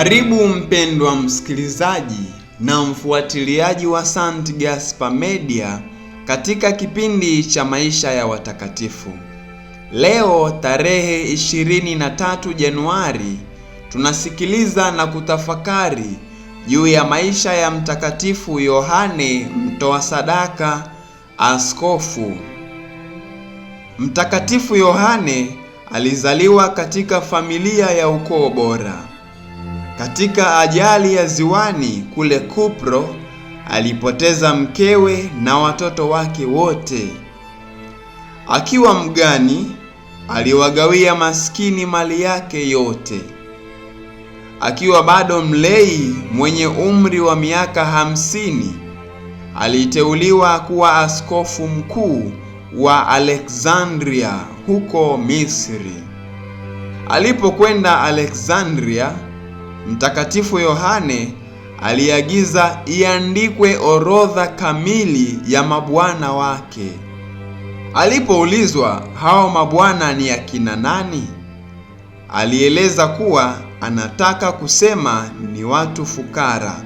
Karibu mpendwa msikilizaji na mfuatiliaji wa St. Gaspar Media katika kipindi cha maisha ya watakatifu. Leo tarehe 23 Januari tunasikiliza na kutafakari juu ya maisha ya Mtakatifu Yohane mtoa sadaka, askofu. Mtakatifu Yohane alizaliwa katika familia ya ukoo bora. Katika ajali ya ziwani kule Kupro alipoteza mkewe na watoto wake wote. Akiwa mgani, aliwagawia maskini mali yake yote. Akiwa bado mlei mwenye umri wa miaka hamsini, aliteuliwa kuwa askofu mkuu wa Alexandria huko Misri. Alipokwenda Alexandria Mtakatifu Yohane aliagiza iandikwe orodha kamili ya mabwana wake. Alipoulizwa hao mabwana ni akina nani, alieleza kuwa anataka kusema ni watu fukara,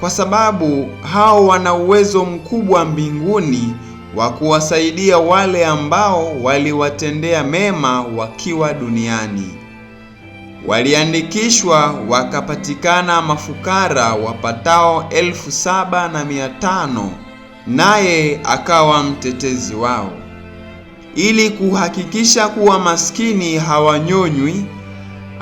kwa sababu hao wana uwezo mkubwa mbinguni wa kuwasaidia wale ambao waliwatendea mema wakiwa duniani waliandikishwa wakapatikana mafukara wapatao elfu saba na mia tano naye akawa mtetezi wao, ili kuhakikisha kuwa maskini hawanyonywi.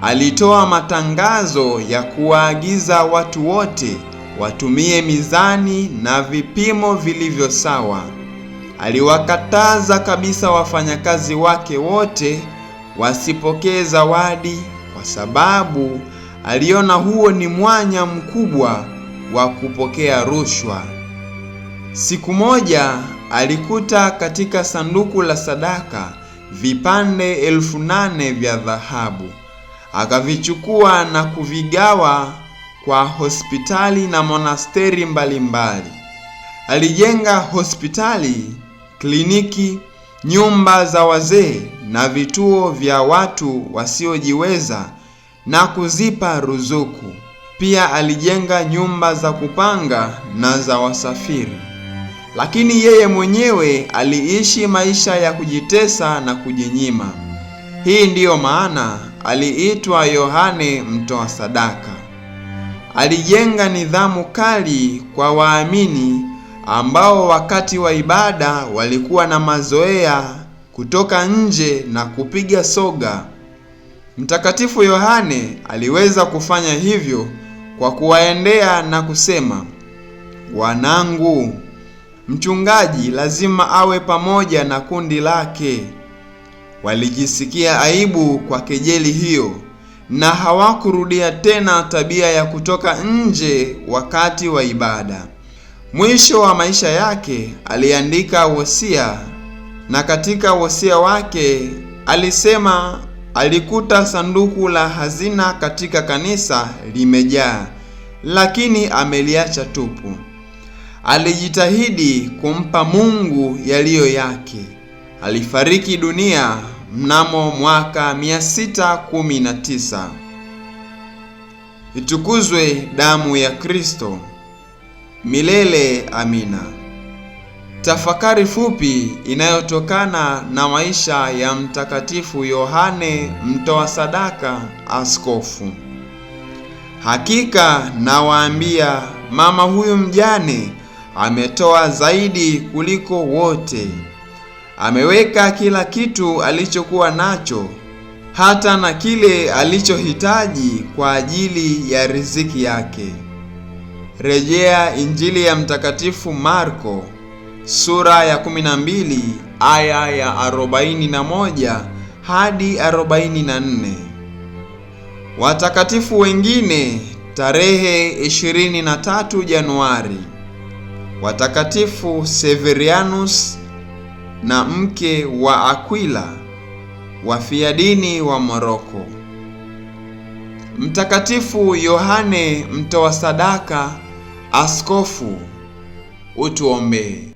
Alitoa matangazo ya kuwaagiza watu wote watumie mizani na vipimo vilivyo sawa. Aliwakataza kabisa wafanyakazi wake wote wasipokee zawadi sababu aliona huo ni mwanya mkubwa wa kupokea rushwa. Siku moja alikuta katika sanduku la sadaka vipande elfu nane vya dhahabu, akavichukua na kuvigawa kwa hospitali na monasteri mbalimbali mbali. Alijenga hospitali, kliniki nyumba za wazee na vituo vya watu wasiojiweza na kuzipa ruzuku. Pia alijenga nyumba za kupanga na za wasafiri. Lakini yeye mwenyewe aliishi maisha ya kujitesa na kujinyima. Hii ndiyo maana aliitwa Yohane mtoa sadaka. Alijenga nidhamu kali kwa waamini ambao wakati wa ibada walikuwa na mazoea kutoka nje na kupiga soga. Mtakatifu Yohane aliweza kufanya hivyo kwa kuwaendea na kusema, wanangu, mchungaji lazima awe pamoja na kundi lake. Walijisikia aibu kwa kejeli hiyo na hawakurudia tena tabia ya kutoka nje wakati wa ibada. Mwisho wa maisha yake aliandika wosia, na katika wosia wake alisema alikuta sanduku la hazina katika kanisa limejaa, lakini ameliacha tupu. Alijitahidi kumpa Mungu yaliyo yake. Alifariki dunia mnamo mwaka 619. Itukuzwe damu ya Kristo! milele. Amina. Tafakari fupi inayotokana na maisha ya Mtakatifu Yohane mtoa sadaka, askofu. Hakika nawaambia, mama huyu mjane ametoa zaidi kuliko wote. Ameweka kila kitu alichokuwa nacho, hata na kile alichohitaji kwa ajili ya riziki yake. Rejea Injili ya Mtakatifu Marko sura ya 12 aya ya 41 hadi 44. Watakatifu wengine tarehe 23 Januari. Watakatifu Severianus na mke wa Aquila wafiadini wa Moroko. Mtakatifu Yohane mtoa sadaka Askofu, utuombee.